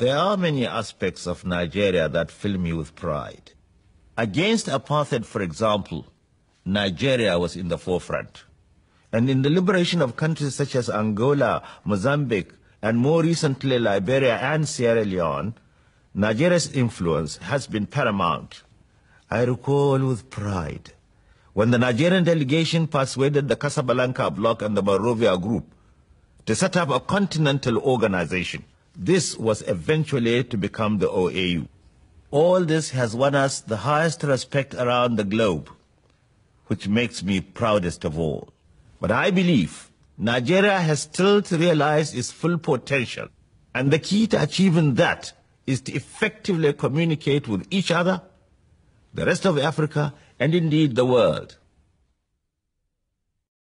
There are many aspects of Nigeria that fill me with pride. Against apartheid, for example, Nigeria was in the forefront. And in the liberation of countries such as Angola, Mozambique, and more recently Liberia and Sierra Leone, Nigeria's influence has been paramount. I recall with pride when the Nigerian delegation persuaded the Casablanca bloc and the Morovia group to set up a continental organization this was eventually to become the OAU. All this has won us the highest respect around the globe, which makes me proudest of all. But I believe Nigeria has still to realize its full potential, and the key to achieving that is to effectively communicate with each other, the rest of Africa, and indeed the world.